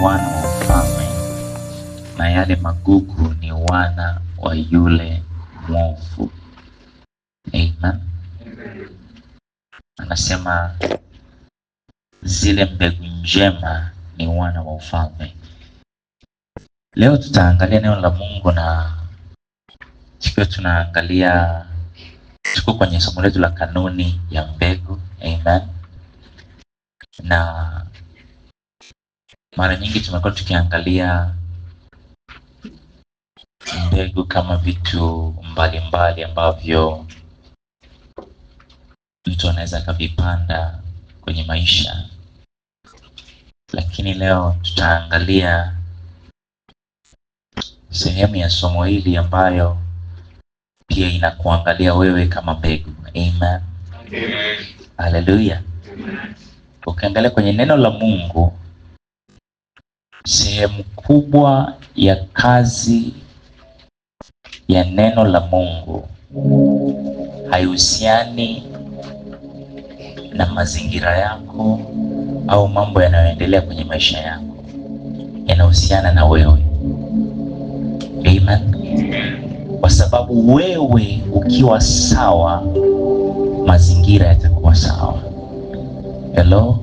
wana wa ufalme, na yale magugu ni wana wa yule mwovu. Amen. Anasema zile mbegu njema ni wana wa ufalme. Leo tutaangalia neno la Mungu na tukiwa tunaangalia, tuko kwenye somo letu la kanuni ya mbegu. Amen. Na mara nyingi tumekuwa tukiangalia mbegu kama vitu mbalimbali mbali ambavyo mtu anaweza akavipanda kwenye maisha, lakini leo tutaangalia sehemu ya somo hili ambayo pia inakuangalia wewe kama mbegu. Amen, haleluya. Ukiangalia kwenye neno la Mungu Sehemu kubwa ya kazi ya neno la Mungu haihusiani na mazingira yako au mambo yanayoendelea kwenye maisha yako, yanahusiana na wewe. Amen. Kwa sababu wewe ukiwa sawa, mazingira yatakuwa sawa. Hello,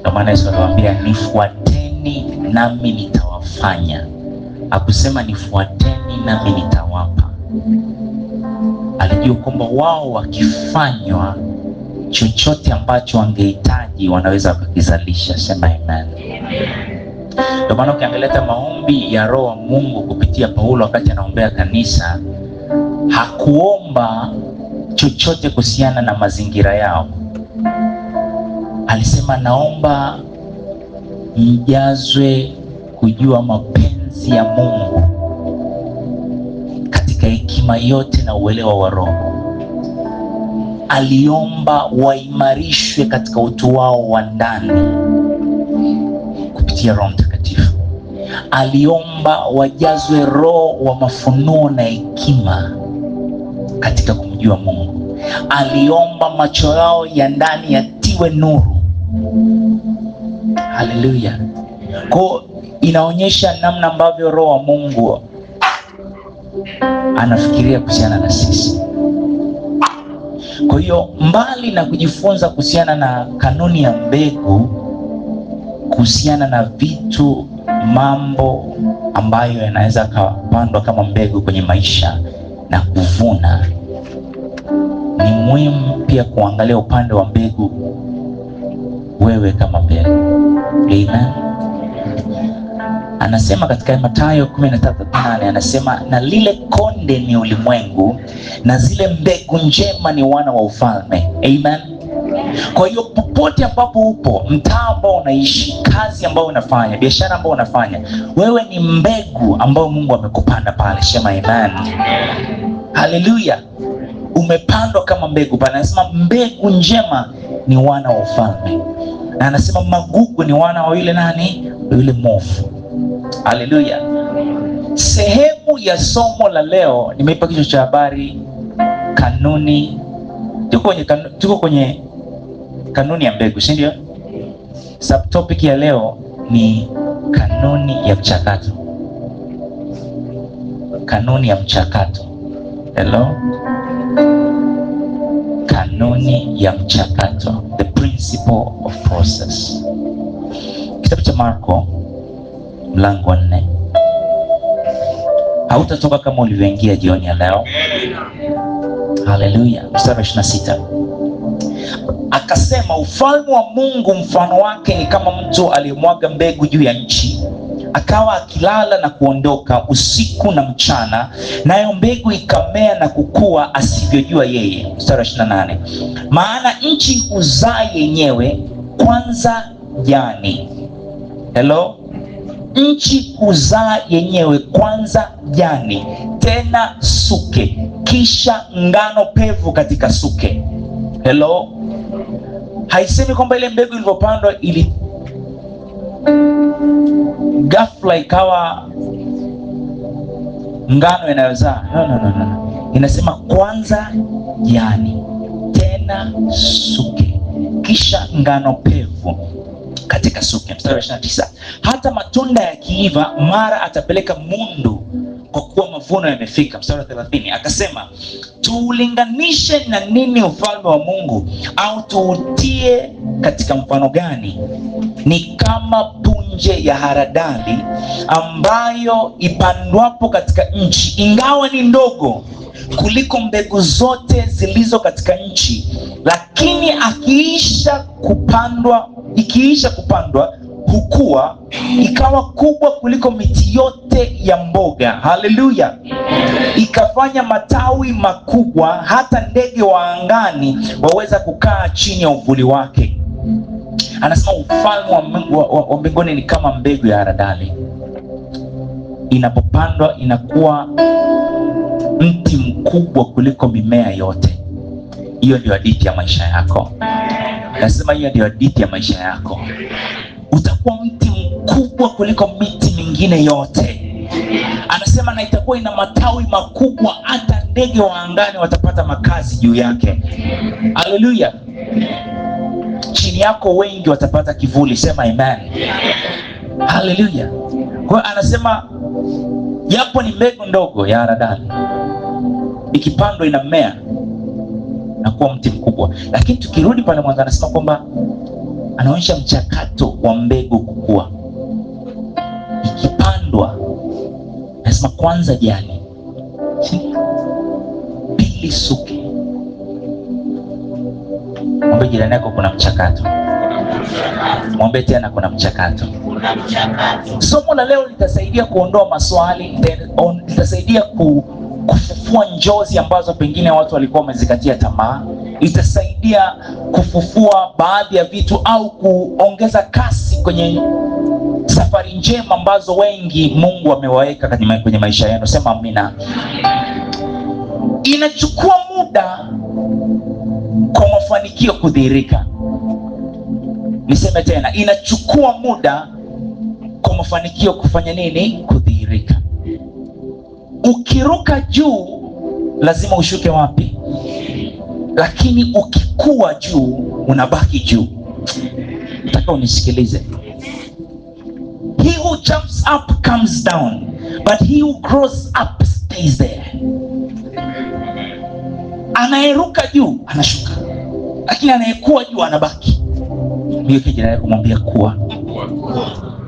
ndio maana Yesu anawaambia nifuate niombeeni nami nitawafanya, akusema nifuateni nami nitawapa. Alijua kwamba wao wakifanywa chochote ambacho wangehitaji wanaweza wakakizalisha. Sema amen. Ndio maana ukiangalia hata maombi ya Roho wa Mungu kupitia Paulo wakati anaombea kanisa, hakuomba chochote kuhusiana na mazingira yao. Alisema naomba mjazwe kujua mapenzi ya Mungu katika hekima yote na uelewa wa Roho. Aliomba waimarishwe katika utu wao wa ndani kupitia Roho Mtakatifu. Aliomba wajazwe roho wa mafunuo na hekima katika kumjua Mungu. Aliomba macho yao ya ndani yatiwe nuru Haleluya! Kwa inaonyesha namna ambavyo roho wa Mungu anafikiria kuhusiana na sisi. Kwa hiyo mbali na kujifunza kuhusiana na kanuni ya mbegu, kuhusiana na vitu, mambo ambayo yanaweza akapandwa kama mbegu kwenye maisha na kuvuna, ni muhimu pia kuangalia upande wa mbegu, wewe kama mbegu Amen. Anasema katika Mathayo 13:8 anasema, na lile konde ni ulimwengu na zile mbegu njema ni wana wa ufalme. Amen. Kwa hiyo popote ambapo upo, mtaa ambao unaishi, kazi ambayo unafanya, biashara ambayo unafanya, wewe ni mbegu ambayo Mungu amekupanda pale. Shema amen, haleluya. Umepandwa kama mbegu pale, anasema mbegu njema ni wana wa ufalme na anasema magugu ni wana wa yule nani? Yule mwovu. Haleluya! Sehemu ya somo la leo nimeipa kichwa cha habari kanuni. Tuko kwenye kanuni, tuko kwenye kanuni ya mbegu, si ndio? Subtopic ya leo ni kanuni ya mchakato. Kanuni ya mchakato. Hello, kanuni ya mchakato principle of process. Kitabu cha Marko mlango wa nne. Hautatoka kama ulivyoingia jioni ya leo. Haleluya. Mstari wa 26 akasema, ufalme wa Mungu mfano wake ni kama mtu aliyemwaga mbegu juu ya nchi akawa akilala na kuondoka usiku na mchana, nayo mbegu ikamea na kukua asivyojua yeye. Mstari wa 28, maana nchi huzaa yenyewe kwanza jani. Hello, nchi huzaa yenyewe kwanza jani, tena suke, kisha ngano pevu katika suke. Hello, haisemi kwamba ile mbegu ilivyopandwa ili ghafla ikawa ngano inayozaa no, no, no, no. Inasema kwanza jani, tena suke, kisha ngano pevu katika suke. Mstari wa 29, hata matunda yakiiva, mara atapeleka mundu kwa kuwa mavuno yamefika. Mstari wa 30 akasema, tuulinganishe na nini ufalme wa Mungu, au tuutie katika mfano gani? Ni kama punje ya haradali ambayo ipandwapo katika nchi, ingawa ni ndogo kuliko mbegu zote zilizo katika nchi, lakini akiisha kupandwa, ikiisha kupandwa hukua ikawa kubwa kuliko miti yote ya mboga. Haleluya! Ikafanya matawi makubwa, hata ndege wa angani waweza kukaa chini ya uvuli wake. Anasema ufalme wa mbinguni ni kama mbegu ya haradali, inapopandwa inakuwa mti mkubwa kuliko mimea yote. Hiyo ndio hadithi ya maisha yako. Nasema hiyo ndio hadithi ya maisha yako utakuwa mti mkubwa kuliko miti mingine yote. Anasema na itakuwa ina matawi makubwa, hata ndege wa angani watapata makazi juu yake. Haleluya! chini yako wengi watapata kivuli. Sema amen, haleluya. Kwa hiyo anasema japo ni mbegu ndogo ya haradali ikipandwa ina mmea na kuwa mti mkubwa, lakini tukirudi pale mwanzo anasema kwamba anaonyesha mchakato wa mbegu kukua. Ikipandwa nasema kwanza jani, pili suke. Mwambie jirani yako kuna mchakato, mwambie tena kuna mchakato. Somo la leo litasaidia kuondoa maswali, litasaidia kufufua njozi ambazo pengine watu walikuwa wamezikatia tamaa itasaidia kufufua baadhi ya vitu au kuongeza kasi kwenye safari njema ambazo wengi Mungu amewaweka kwenye maisha yenu. Sema amina. Inachukua muda kwa mafanikio kudhihirika. Niseme tena, inachukua muda kwa mafanikio kufanya nini? Kudhihirika. Ukiruka juu lazima ushuke wapi? lakini ukikuwa juu unabaki juu. Nataka unisikilize. He who jumps up comes down, but he who grows up stays there. Anayeruka juu anashuka, lakini anayekuwa juu anabaki. Miweke jirani yako, mwambie kuwa,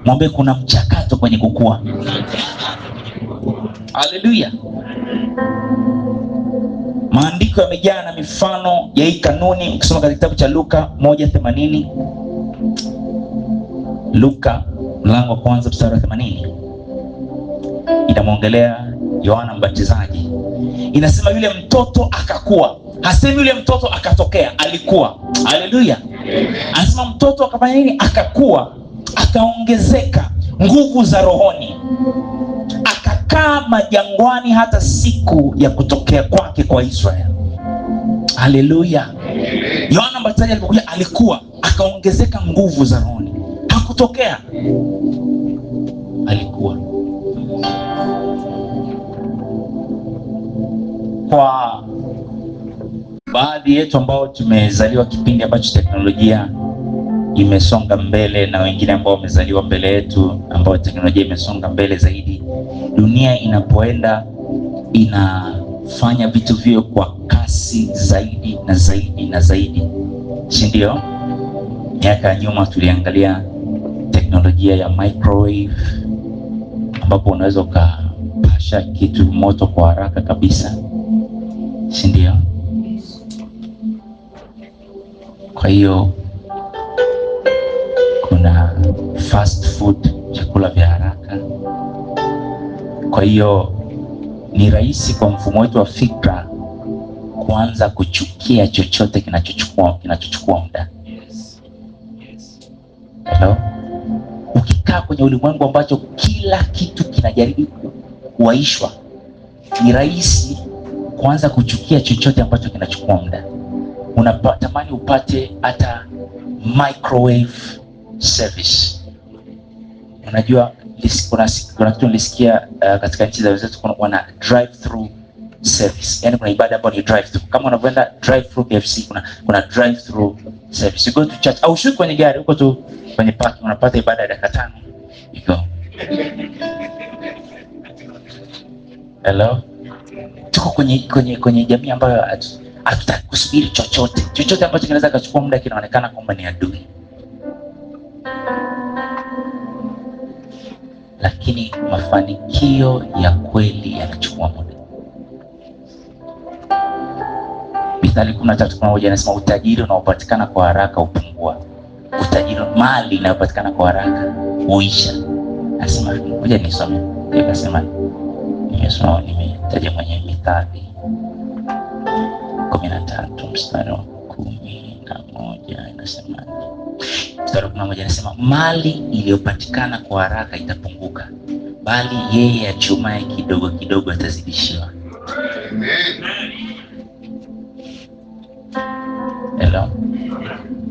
mwambie kuna mchakato kwenye kukua. Haleluya! Maandiko yamejaa na mifano ya hii kanuni. Ukisoma katika kitabu cha Luka 1:80, Luka mlango wa kwanza mstari wa 80, inamwongelea Yohana Mbatizaji. Inasema yule mtoto akakuwa, hasemi yule mtoto akatokea, alikuwa. Haleluya! Anasema mtoto akafanya nini? Akakuwa, akaongezeka nguvu za rohoni walikaa majangwani hata siku ya kutokea kwake kwa Israeli. Haleluya! Yohana Mbatizaji alipokuja alikuwa akaongezeka nguvu za rohoni, hakutokea alikuwa kwa baadhi yetu ambao tumezaliwa kipindi ambacho teknolojia imesonga mbele na wengine ambao wamezaliwa mbele yetu, ambao teknolojia imesonga mbele zaidi. Dunia inapoenda inafanya vitu vio kwa kasi zaidi na zaidi na zaidi, si ndio? Miaka ya nyuma tuliangalia teknolojia ya microwave, ambapo unaweza ukapasha kitu moto kwa haraka kabisa, si ndio? Kwa hiyo fast food, vyakula vya haraka. Kwa hiyo ni rahisi kwa mfumo wetu wa fikra kuanza kuchukia chochote kinachochukua kinachochukua muda. Hello? Ukikaa kwenye ulimwengu ambacho kila kitu kinajaribu kuwaishwa, ni rahisi kuanza kuchukia chochote ambacho kinachukua muda. Unatamani upate hata microwave service Unajua kuna kuna kitu nilisikia uh, katika nchi za wenzetu wana drive through service, yani kuna ibada ambayo ni drive through, kama unavyoenda drive through KFC, kuna kuna drive through service. You go to church au shoot kwenye gari huko tu kwenye parking, unapata ibada ya dakika tano. You go hello, tuko kwenye kwenye kwenye jamii ambayo hatutaki kusubiri chochote chochote ambacho kinaweza kachukua muda, kinaonekana kwamba ni adui. lakini mafanikio ya kweli yanachukua muda. Mithali kumi na tatu kumi na moja inasema utajiri unaopatikana kwa haraka hupungua, utajiri mali inayopatikana kwa haraka huisha. Nasema ngoja nisome, nikasema nimesoma, nimetaja mwenye Mithali kumi na tatu mstari moja inasema mstari wa kumi na moja inasema mali iliyopatikana kwa haraka itapunguka, bali yeye achumaye kidogo kidogo atazidishiwa. Hello.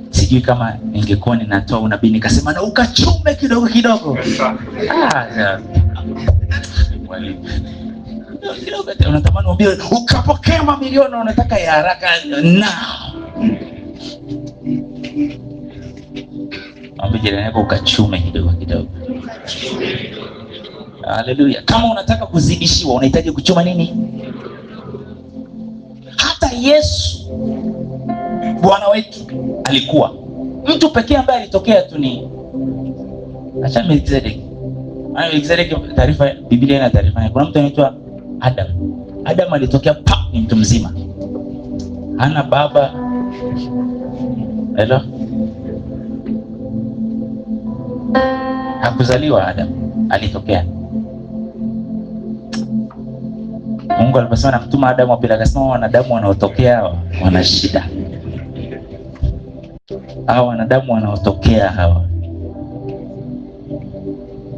Sijui kama ningekuwa ninatoa unabii nikasema na ukachume kidogo kidogo ah, unatamani ubiri ukapokea mamilioni, unataka ya haraka now Mwambie jirani yako ukachume kidogo kidogo. Haleluya. Kama unataka kuzidishiwa unahitaji kuchuma nini? Hata Yesu Bwana wetu alikuwa mtu pekee ambaye alitokea tu ni acha Melkizedeki. Ana Melkizedeki taarifa, Biblia ina taarifa. Kuna mtu anaitwa Adam. Adam alitokea pa, ni mtu mzima. Hana baba. Hello. hakuzaliwa Adamu, alitokea. Mungu aliposema namtuma Adamu wa pili, akasema wanadamu wanaotokea wana shida. Hawa wanadamu wanaotokea hawa,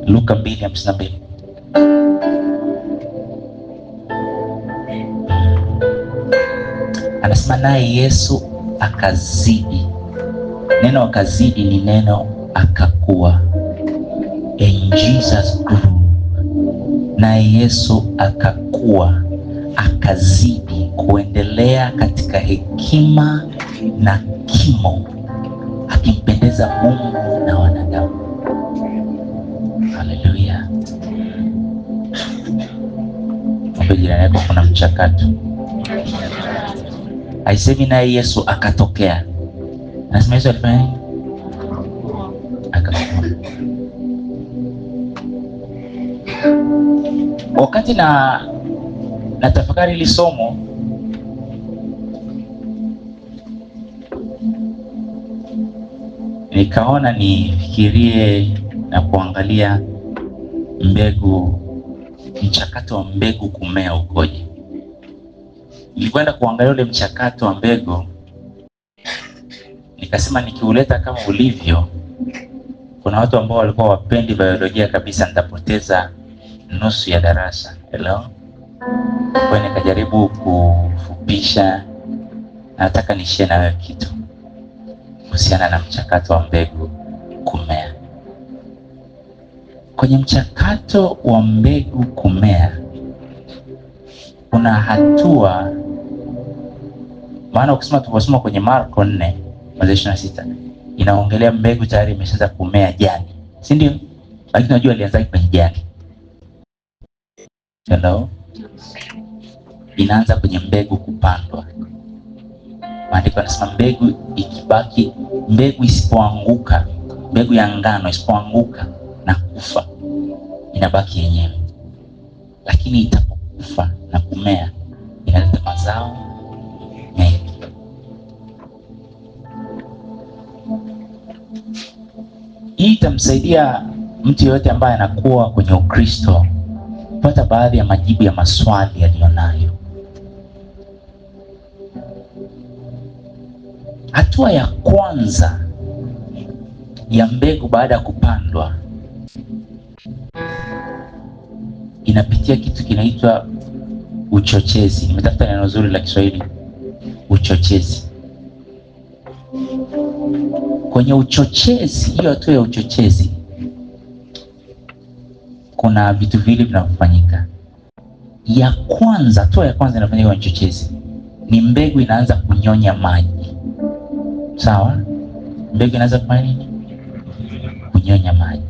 Luka mbili. anasema naye Yesu akazidi. Neno akazidi ni neno akakuwa in Jesus grew, naye Yesu akakuwa akazidi kuendelea katika hekima na kimo, akimpendeza Mungu na wanadamu. Haleluya! Mwambie jirani yako kuna mchakato. aisemi naye Yesu akatokea, nasema Yesu alifanya akakua Wakati na tafakari hili somo, nikaona nifikirie na kuangalia mbegu, mchakato wa mbegu kumea ukoje. Nilikwenda kuangalia ule mchakato wa mbegu, nikasema nikiuleta kama ulivyo, kuna watu ambao walikuwa wapendi biolojia kabisa, nitapoteza nusu ya darasa elewa. Kwa nikajaribu kufupisha, nataka nishie nayo kitu kuhusiana na mchakato wa mbegu kumea. Kwenye mchakato wa mbegu kumea kuna hatua, maana ukisema tuliposoma kwenye Marko 4 mwanzo ishirini inaongelea mbegu tayari imeshaanza kumea jani, si ndio? Lakini unajua alianza kwenye jani Hello. inaanza kwenye mbegu kupandwa. Maandiko yanasema mbegu ikibaki, mbegu isipoanguka, mbegu ya ngano isipoanguka na kufa inabaki yenyewe, lakini itapokufa na kumea inaleta mazao mengi. Hii itamsaidia mtu yeyote ambaye anakuwa kwenye Ukristo kupata baadhi ya majibu ya maswali yaliyonayo. Hatua ya kwanza ya mbegu baada ya kupandwa inapitia kitu kinaitwa uchochezi. Nimetafuta neno zuri la Kiswahili, uchochezi. Kwenye uchochezi, hiyo hatua ya uchochezi kuna vitu vile vinavyofanyika. Ya kwanza, tu, ya kwanza inafanyika kwenye chochezi ni mbegu inaanza kunyonya maji. Sawa, mbegu inaanza kufanya nini? Kunyonya maji.